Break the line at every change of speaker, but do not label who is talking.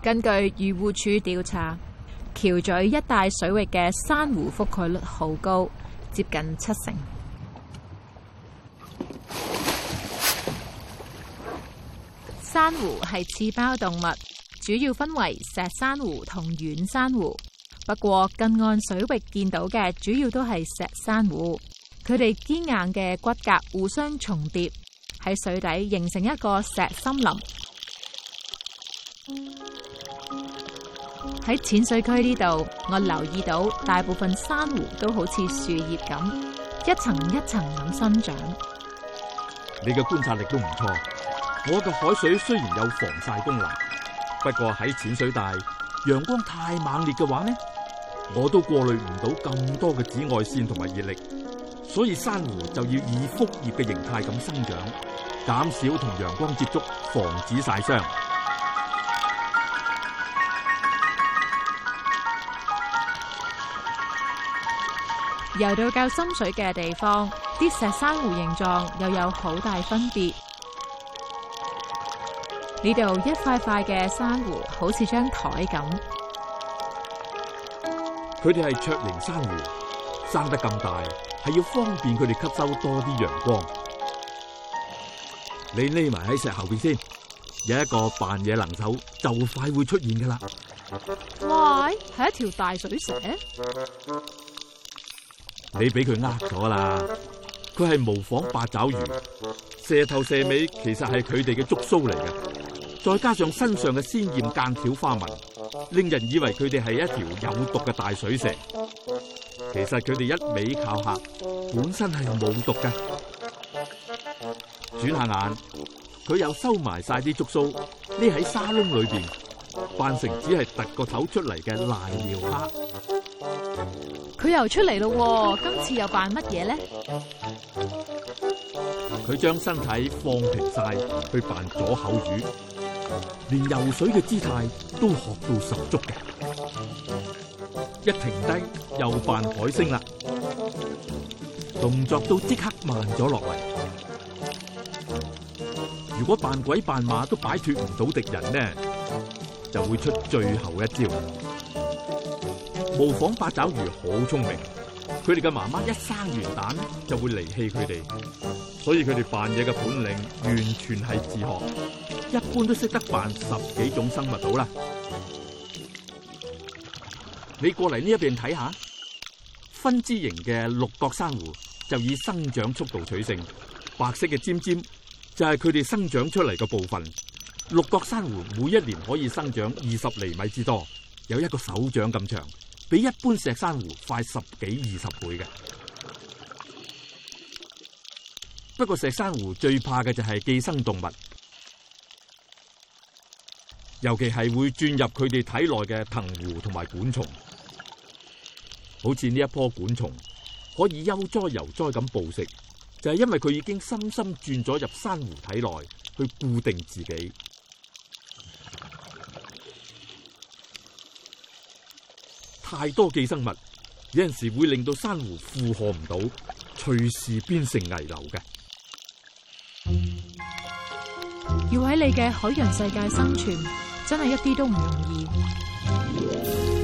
根據漁護署調查，橋咀一帶水域嘅珊瑚覆蓋率好高，接近七成。珊瑚係刺胞動物，主要分為石珊瑚同軟珊瑚。不過近岸水域見到嘅主要都係石珊瑚，佢哋堅硬嘅骨骼互相重疊，喺水底形成一個石森林。喺淺水區呢度,我留意到大部分珊瑚都好似樹葉咁一層一層咁生長。
你嘅觀察力都唔錯。我嘅海水雖然有防曬功能，不過喺淺水帶陽光太猛烈嘅話呢，我都過濾唔到咁多嘅紫外線同埋熱力，所以珊瑚就要以覆葉嘅形態咁生長，減少同陽光接觸，防止曬傷。
游到較深水嘅地方，啲石珊瑚形狀又有好大分別。呢度一塊塊嘅珊瑚好似張台咁，
佢哋係桌形珊瑚，生得咁大係要方便佢哋吸收多啲陽光。你匿埋喺石後邊先，有一個扮嘢能手就快會出現噶啦。
喂，係一條大水蛇。
你俾佢呃咗啦！佢係模仿八爪魚，蛇頭蛇尾其實係佢哋嘅竹鬚嚟嘅，再加上身上嘅鮮艷間條花紋，令人以為佢哋係一條有毒嘅大水蛇。
其
實佢哋一味靠嚇，本身係冇毒嘅。轉下眼，佢又收埋晒啲竹鬚，匿喺沙窿裏邊。扮成只係突個頭出嚟嘅瀨尿蝦，
佢又出嚟咯，今次又扮乜嘢咧？
佢將身體放平晒去扮左口魚，連游水嘅姿態都學到十足嘅。一停低又扮海星啦，動作都即刻慢咗落嚟。如果扮鬼扮馬都擺脫唔到敵人呢？就會出最後一招。模仿八爪魚好聰明，佢哋嘅媽媽一生完蛋就會離棄佢哋，所以佢哋扮嘢嘅本領完全係自學，一般都識得扮十幾種生物。到喇。你過嚟呢一邊睇下，分枝型嘅六角珊瑚就以生長速度取勝，白色嘅尖尖就係佢哋生長出嚟嘅部分。六角珊瑚每一年可以生長二十厘米之多，有一個手掌咁長，比一般石珊瑚快十幾二十倍嘅。不過石珊瑚最怕嘅就係寄生動物，尤其係會鑽入佢哋體內嘅藤壺同埋管蟲，好似呢一棵管蟲可以悠哉悠哉咁捕食，就係因為佢已經深深鑽咗入珊瑚體內去固定自己。太多寄生物，有陣時會令到珊瑚負荷唔到，隨時變成危樓嘅。
要喺你嘅海洋世界生存，真係一啲都唔容易。